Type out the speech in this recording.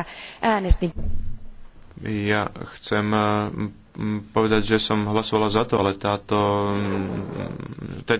että äänestin. Ja chcem mm, mm, povedať, že som hlasovala za to, ale táto mm,